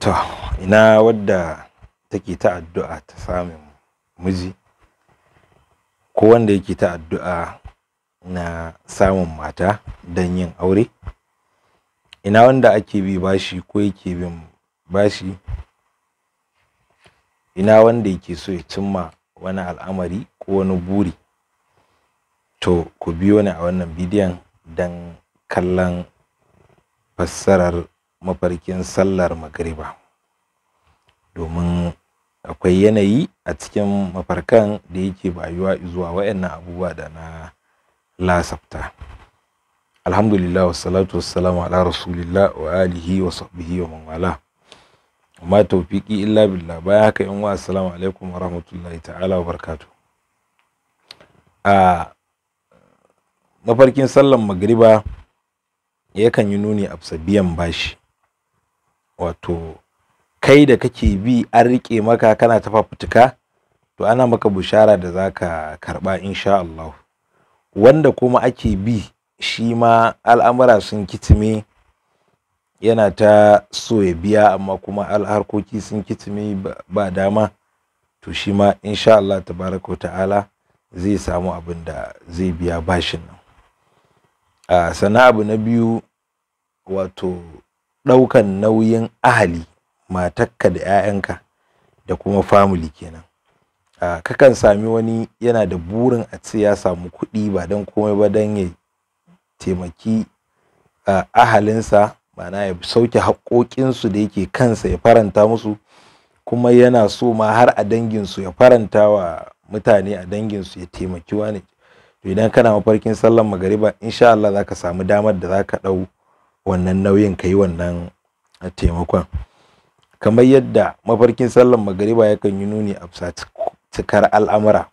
to ina wadda take ta addu'a ta samun miji ko wanda yake ta addu'a na samun mata don yin aure ina wanda ake bi bashi ko yake bin bashi ina wanda yake so ya cimma wani al'amari ko wani buri to ku biyo ni a wannan bidiyon don kallon fassarar mafarkin sallar magariba domin akwai yanayi a cikin mafarkan da yake bayuwa zuwa wayannan abubuwa da na lasafta alhamdulillah wassalatu wassalamu ala rasulillah wa alihi wa sahbihi wa man wala amma tawfiqi illa billah bayan haka yan wa assalamu alaikum wa rahmatullahi ta'ala wa barakatuh a mafarkin sallar magriba yakan yi nuni a biyan bashi wato kai da kake bi an riƙe maka kana ta fafutuka to ana maka bushara da zaka ka karɓa insha Allah wanda kuma ake bi shi ma al'amura sun kitime yana ta so ya biya amma kuma alharkoki sun kitime ba dama to shi ma insha Allah tabaraka ta'ala zai samu abin da zai biya bashin nan A ah, abu na biyu wato Daukan nauyin ahali matakka da 'ya'yanka da kuma family kenan Ka kakan sami wani yana da burin a ce ya samu kuɗi ba dan komai ba dan ya taimaki ahalinsa Mana ya sauke haƙoƙinsu da yake kansa ya faranta musu kuma yana so ma har a danginsu ya faranta wa mutane a danginsu ya taimaki wani idan kana mafarkin sallan magariba insha Allah zaka samu damar da zaka ɗau wannan nauyin ka yi wannan taimakon kamar yadda mafarkin sallar magariba yakan yi nuni a cikar al'amura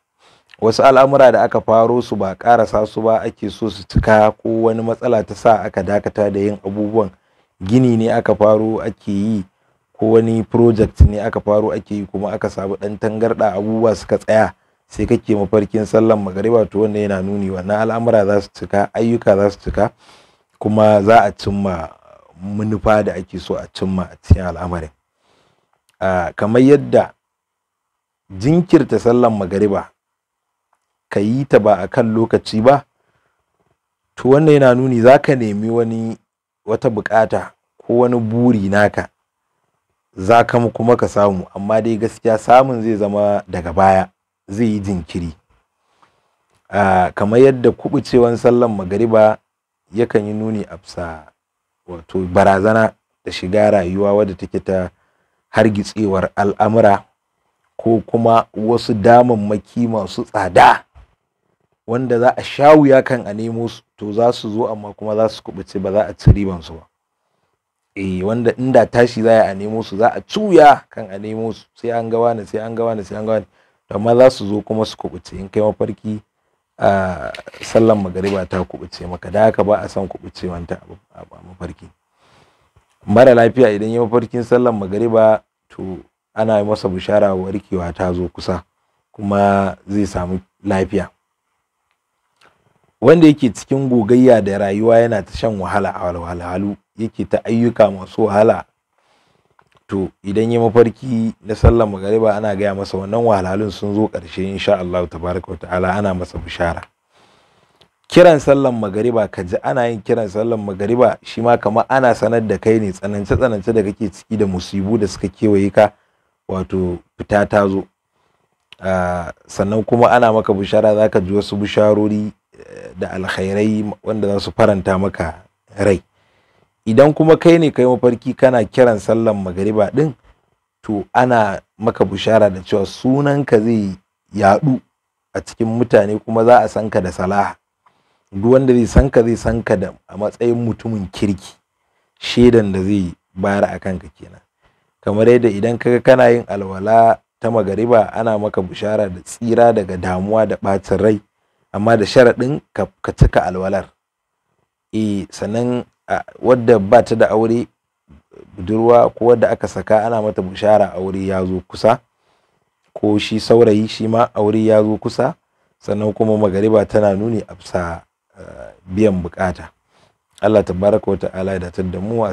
wasu al'amura da aka faro su ba ƙarasa su ba ake so su cika ko wani matsala ta sa aka dakata da yin abubuwan gini ne aka faro ake yi ko wani project ne aka faro ake yi kuma aka samu ɗan tangarɗa abubuwa suka tsaya sai kake mafarkin sallan magariba to wanda yana nuni wannan al'amura za su cika ayyuka za su cika kuma za a cimma manufa da ake so a cimma a cikin al'amarin kamar yadda jinkirta sallan magariba ka yi ta ba a kan lokaci ba to wannan yana nuni za ka nemi wani wata bukata ko wani buri naka za ka kuma ka samu amma dai gaskiya samun zai zama daga baya zai yi jinkiri kamar yadda kubucewan sallan magariba yakan yi nuni a bisa wato barazana da shiga rayuwa wadda take ta hargitsewar al'amura ko kuma wasu damammaki masu tsada wanda za a sha wuya kan a nemo su to za su zo amma kuma za su kubuce ba za a ci riban su ba eh wanda inda tashi za a nemo su za a ci wuya kan a nemo su sai an ga wani sai an ga wani sai an ga wani amma za su zo kuma su kubuce in kai mafarki a sallan magariba ta kubuce maka da haka ba a son wanta a mafarki mara lafiya idan ya mafarkin sallan magariba to ana yi masa bishara warkewa ta zo kusa kuma zai samu lafiya wanda yake cikin gogayya da rayuwa yana ta shan wahala a walwalhalu yake ta ayyuka masu wahala to idan ya mafarki na sallar magariba ana gaya masa wannan wahalhalun sun zo ƙarshe insha Allah tabaraka wa ta'ala ana masa bishara kiran sallar magariba ka ji ana yin kiran sallar magariba shi ma kamar ana sanar da kai ne tsanance tsanance da kake ciki da musibu da suka kewaye ka wato fita ta zo ah, sannan kuma ana maka bishara za ka ji wasu bisharori eh, da alkhairai wanda za su faranta maka rai idan kuma kai ne kai mafarki kana kiran sallan magariba din to ana maka bushara da cewa sunanka zai yadu a cikin mutane kuma za a sanka da salaha duk wanda zai sanka zai sanka da a matsayin mutumin kirki shaidan da zai bayar a kanka kenan kamar yadda idan kaga kana yin alwala ta magariba ana maka bushara da tsira daga damuwa da ɓacin rai amma da sharaɗin ka cika alwalar e sannan wadda ba ta da aure budurwa ko wadda aka saka ana mata bushara aure ya zo kusa ko shi saurayi shi ma aure ya zo kusa sannan kuma magariba tana nuni a eh, biyan bukata Allah tabaraka wa ta'ala ya datar da mu